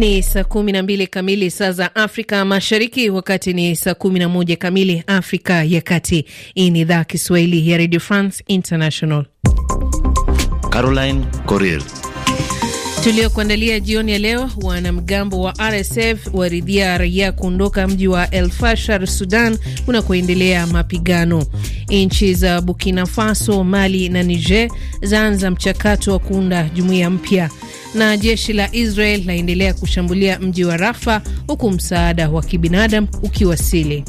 Ni saa kumi na mbili kamili saa za Afrika Mashariki, wakati ni saa kumi na moja kamili Afrika ya Kati. Hii ni idhaa Kiswahili ya Radio France International. Caroline Coril tuliokuandalia jioni ya leo. Wanamgambo wa RSF waridhia raia kuondoka mji wa El Fashar, Sudan, kunakoendelea mapigano. Nchi za Burkina Faso, Mali na Niger zaanza mchakato wa kuunda jumuiya mpya na jeshi la Israel laendelea kushambulia mji wa Rafa huku msaada wa kibinadamu ukiwasili.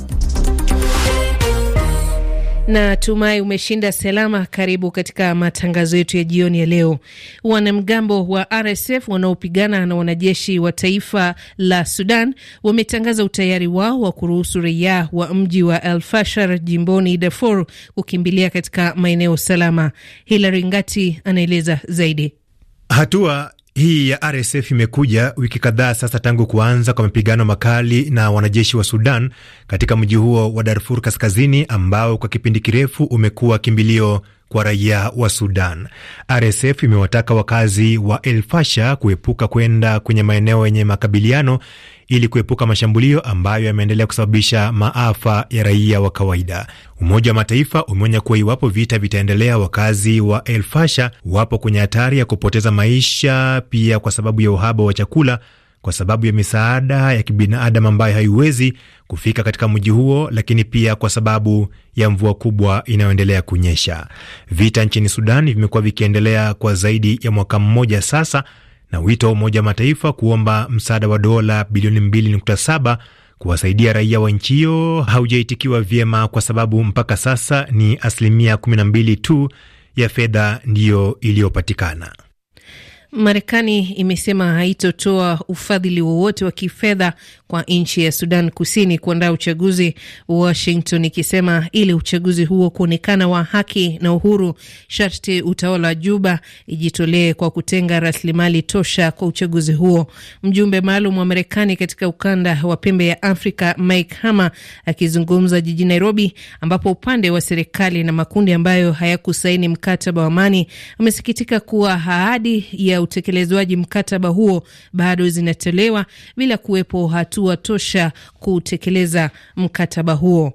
Na tumai umeshinda salama. Karibu katika matangazo yetu ya jioni ya leo. Wanamgambo wa RSF wanaopigana na wanajeshi wa taifa la Sudan wametangaza utayari wao wa kuruhusu raia wa mji wa El Fashar jimboni Darfur kukimbilia katika maeneo salama. Hilary Ngati anaeleza zaidi. Hatua hii ya RSF imekuja wiki kadhaa sasa tangu kuanza kwa mapigano makali na wanajeshi wa Sudan katika mji huo wa Darfur Kaskazini, ambao kwa kipindi kirefu umekuwa kimbilio kwa raia wa Sudan. RSF imewataka wakazi wa elfasha kuepuka kwenda kwenye maeneo yenye makabiliano ili kuepuka mashambulio ambayo yameendelea kusababisha maafa ya raia wa kawaida. Umoja wa Mataifa umeonya kuwa iwapo vita vitaendelea, wakazi wa elfasha wapo kwenye hatari ya kupoteza maisha, pia kwa sababu ya uhaba wa chakula kwa sababu ya misaada ya kibinadamu ambayo haiwezi kufika katika mji huo, lakini pia kwa sababu ya mvua kubwa inayoendelea kunyesha. Vita nchini Sudan vimekuwa vikiendelea kwa zaidi ya mwaka mmoja sasa, na wito wa Umoja wa Mataifa kuomba msaada wa dola bilioni 2.7 kuwasaidia raia wa nchi hiyo haujaitikiwa vyema, kwa sababu mpaka sasa ni asilimia 12 tu ya fedha ndiyo iliyopatikana. Marekani imesema haitotoa ufadhili wowote wa kifedha kwa nchi ya Sudan Kusini kuandaa uchaguzi, Washington ikisema ili uchaguzi huo kuonekana wa haki na uhuru, sharti utawala wa Juba ijitolee kwa kutenga rasilimali tosha kwa uchaguzi huo. Mjumbe maalum wa Marekani katika ukanda wa pembe ya Afrika Mike Hammer akizungumza jijini Nairobi, ambapo upande wa serikali na makundi ambayo hayakusaini mkataba wa amani amesikitika kuwa ahadi ya utekelezwaji mkataba huo bado zinatolewa bila kuwepo hatua tosha kutekeleza mkataba huo.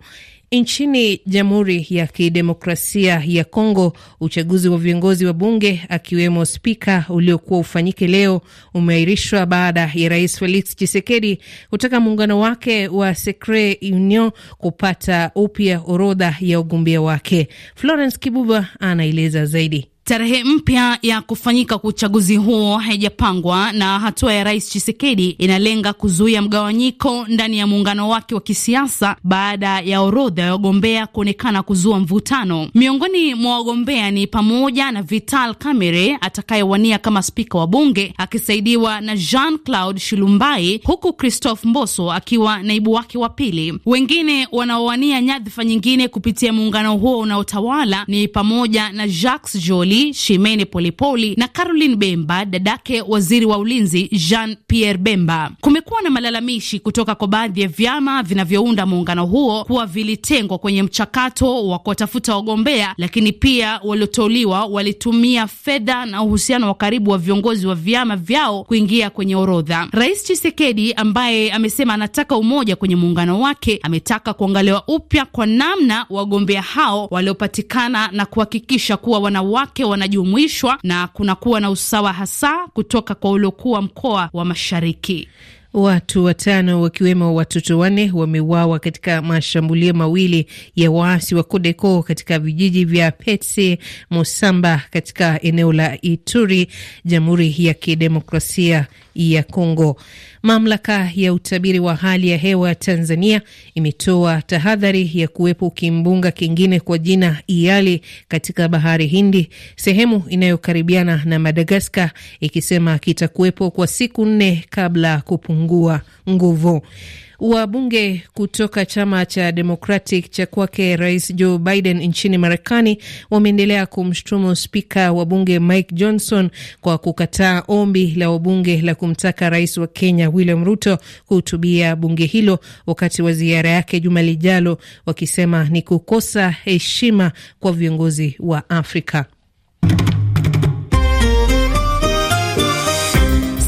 Nchini Jamhuri ya Kidemokrasia ya Kongo, uchaguzi wa viongozi wa bunge akiwemo spika uliokuwa ufanyike leo umeahirishwa baada ya Rais Felix Tshisekedi kutaka muungano wake wa Secret Union kupata upya orodha ya ugombea wake. Florence Kibuba anaeleza zaidi. Tarehe mpya ya kufanyika kwa uchaguzi huo haijapangwa na hatua ya Rais chisekedi inalenga kuzuia mgawanyiko ndani ya muungano wake wa kisiasa baada ya orodha ya wagombea kuonekana kuzua mvutano. Miongoni mwa wagombea ni pamoja na Vital Kamerhe atakayewania kama spika wa bunge akisaidiwa na Jean Claude Shilumbai, huku Christophe Mboso akiwa naibu wake wa pili. Wengine wanaowania nyadhifa nyingine kupitia muungano huo unaotawala ni pamoja na Jacques Joly Burundi Shimene Polepoli na Caroline Bemba, dadake waziri wa ulinzi Jean Pierre Bemba. Kumekuwa na malalamishi kutoka kwa baadhi ya vyama vinavyounda muungano huo kuwa vilitengwa kwenye mchakato wa kuwatafuta wagombea, lakini pia walioteuliwa walitumia fedha na uhusiano wa karibu wa viongozi wa vyama vyao kuingia kwenye orodha. Rais Chisekedi ambaye amesema anataka umoja kwenye muungano wake, ametaka kuangaliwa upya kwa namna wagombea hao waliopatikana na kuhakikisha kuwa wanawake wanajumuishwa na kunakuwa na usawa hasa kutoka kwa uliokuwa mkoa wa Mashariki. Watu watano wakiwemo watoto wanne wameuawa katika mashambulio mawili ya waasi wa Kodeko katika vijiji vya Petse musamba katika eneo la Ituri, Jamhuri ya Kidemokrasia ya Kongo. Mamlaka ya utabiri wa hali ya hewa Tanzania imetoa tahadhari ya kuwepo kimbunga kingine kwa jina Iali katika bahari Hindi, sehemu inayokaribiana na Madagaskar, ikisema kitakuwepo kwa siku nne kabla kupungua kupungua nguvu. Wabunge kutoka chama cha Democratic cha kwake Rais Joe Biden nchini Marekani wameendelea kumshutumu spika wa bunge Mike Johnson kwa kukataa ombi la wabunge la kumtaka rais wa Kenya William Ruto kuhutubia bunge hilo wakati wa ziara yake juma lijalo, wakisema ni kukosa heshima kwa viongozi wa Afrika.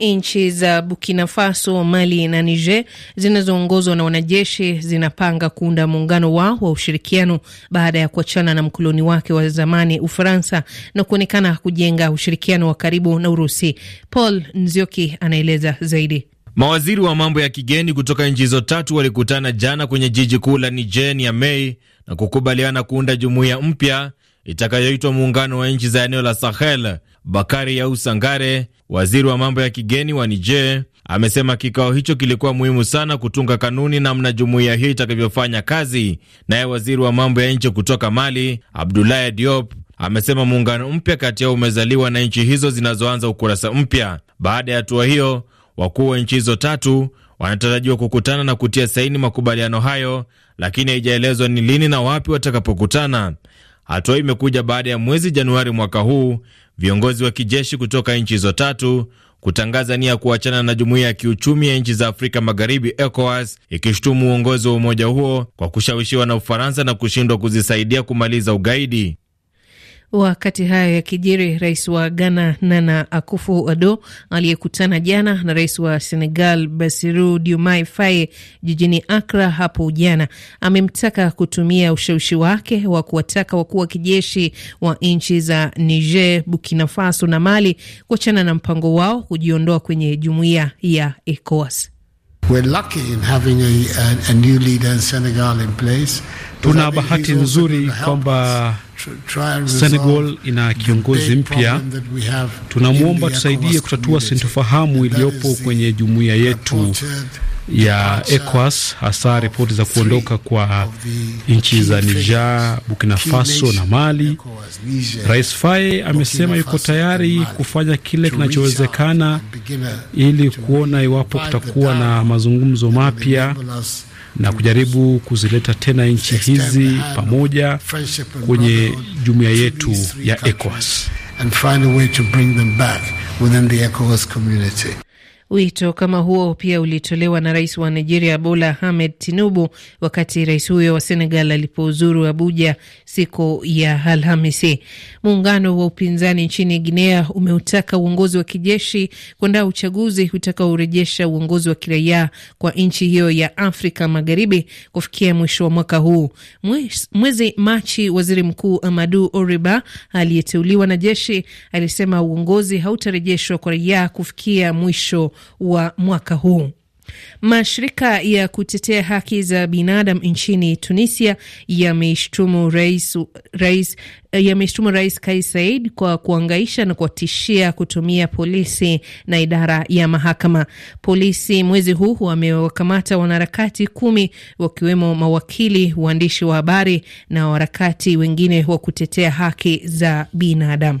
Nchi za Burkina Faso, Mali na Niger zinazoongozwa na wanajeshi zinapanga kuunda muungano wao wa ushirikiano baada ya kuachana na mkoloni wake wa zamani Ufaransa na kuonekana kujenga ushirikiano wa karibu na Urusi. Paul Nzioki anaeleza zaidi. Mawaziri wa mambo ya kigeni kutoka nchi hizo tatu walikutana jana kwenye jiji kuu la Niger, Niamey, na kukubaliana kuunda jumuiya mpya itakayoitwa muungano wa nchi za eneo la Sahel. Bakari Yau Sangare, waziri wa mambo ya kigeni wa Niger, amesema kikao hicho kilikuwa muhimu sana kutunga kanuni namna jumuiya hiyo itakavyofanya kazi. Naye waziri wa mambo ya nje kutoka Mali, Abdoulaye Diop, amesema muungano mpya kati yao umezaliwa na nchi hizo zinazoanza ukurasa mpya. Baada ya hatua hiyo, wakuu wa nchi hizo tatu wanatarajiwa kukutana na kutia saini makubaliano hayo, lakini haijaelezwa ni lini na wapi watakapokutana. Hatua imekuja baada ya mwezi Januari mwaka huu viongozi wa kijeshi kutoka nchi hizo tatu kutangaza nia ya kuachana na jumuiya ya kiuchumi ya nchi za Afrika Magharibi, ECOWAS, ikishutumu uongozi wa umoja huo kwa kushawishiwa na Ufaransa na kushindwa kuzisaidia kumaliza ugaidi. Wakati hayo ya kijiri rais wa Ghana Nana akufu ado aliyekutana jana na rais wa Senegal Bassirou Diomaye Faye jijini Akra hapo jana amemtaka kutumia ushawishi wake wa kuwataka wakuu wa kijeshi wa nchi za Niger, Burkina Faso na Mali kuachana na mpango wao kujiondoa kwenye jumuiya ya ECOWAS. Tuna bahati nzuri kwamba Senegal ina kiongozi mpya. Tunamwomba tusaidie kutatua sintofahamu iliyopo kwenye jumuiya yetu ya ECOWAS, hasa ripoti za kuondoka kwa nchi za Niger, Burkina Faso na Mali. Rais Faye amesema yuko tayari kufanya kile kinachowezekana ili kuona iwapo kutakuwa na mazungumzo mapya na kujaribu kuzileta tena nchi hizi pamoja kwenye jumuiya yetu ya ECOWAS. Wito kama huo pia ulitolewa na rais wa Nigeria Bola Ahmed Tinubu wakati rais huyo wa Senegal alipouzuru Abuja siku ya Alhamisi. Muungano wa upinzani nchini Guinea umeutaka uongozi wa kijeshi kuandaa uchaguzi utakaorejesha uongozi wa kiraia kwa nchi hiyo ya Afrika Magharibi kufikia mwisho wa mwaka huu. Mwezi Machi, waziri mkuu Amadu Oriba aliyeteuliwa na jeshi alisema uongozi hautarejeshwa kwa raia kufikia mwisho wa mwaka huu. Mashirika ya kutetea haki za binadamu nchini Tunisia yameshtumu rais, rais, yameshtumu Rais Kais Saied kwa kuangaisha na kuwatishia kutumia polisi na idara ya mahakama. Polisi mwezi huu wamewakamata wanaharakati kumi wakiwemo mawakili, waandishi wa habari na waharakati wengine wa kutetea haki za binadamu.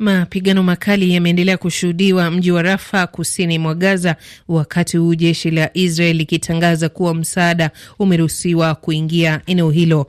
Mapigano makali yameendelea kushuhudiwa mji wa Rafa kusini mwa Gaza, wakati huu jeshi la Israel likitangaza kuwa msaada umeruhusiwa kuingia eneo hilo.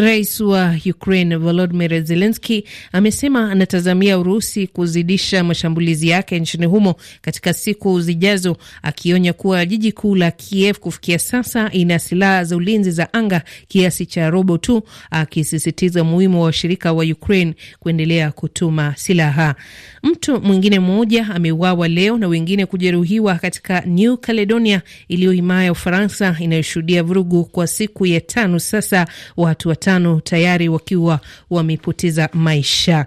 Rais wa Ukraine Volodymyr Zelensky amesema anatazamia Urusi kuzidisha mashambulizi yake nchini humo katika siku zijazo, akionya kuwa jiji kuu la Kiev kufikia sasa ina silaha za ulinzi za anga kiasi cha robo tu, akisisitiza umuhimu wa washirika wa Ukraine kuendelea kutuma silaha. Mtu mwingine mmoja ameuawa leo na wengine kujeruhiwa katika New Caledonia iliyo himaya ya Ufaransa inayoshuhudia vurugu kwa siku ya tano sasa, watu watano watano tayari wakiwa wamepoteza maisha.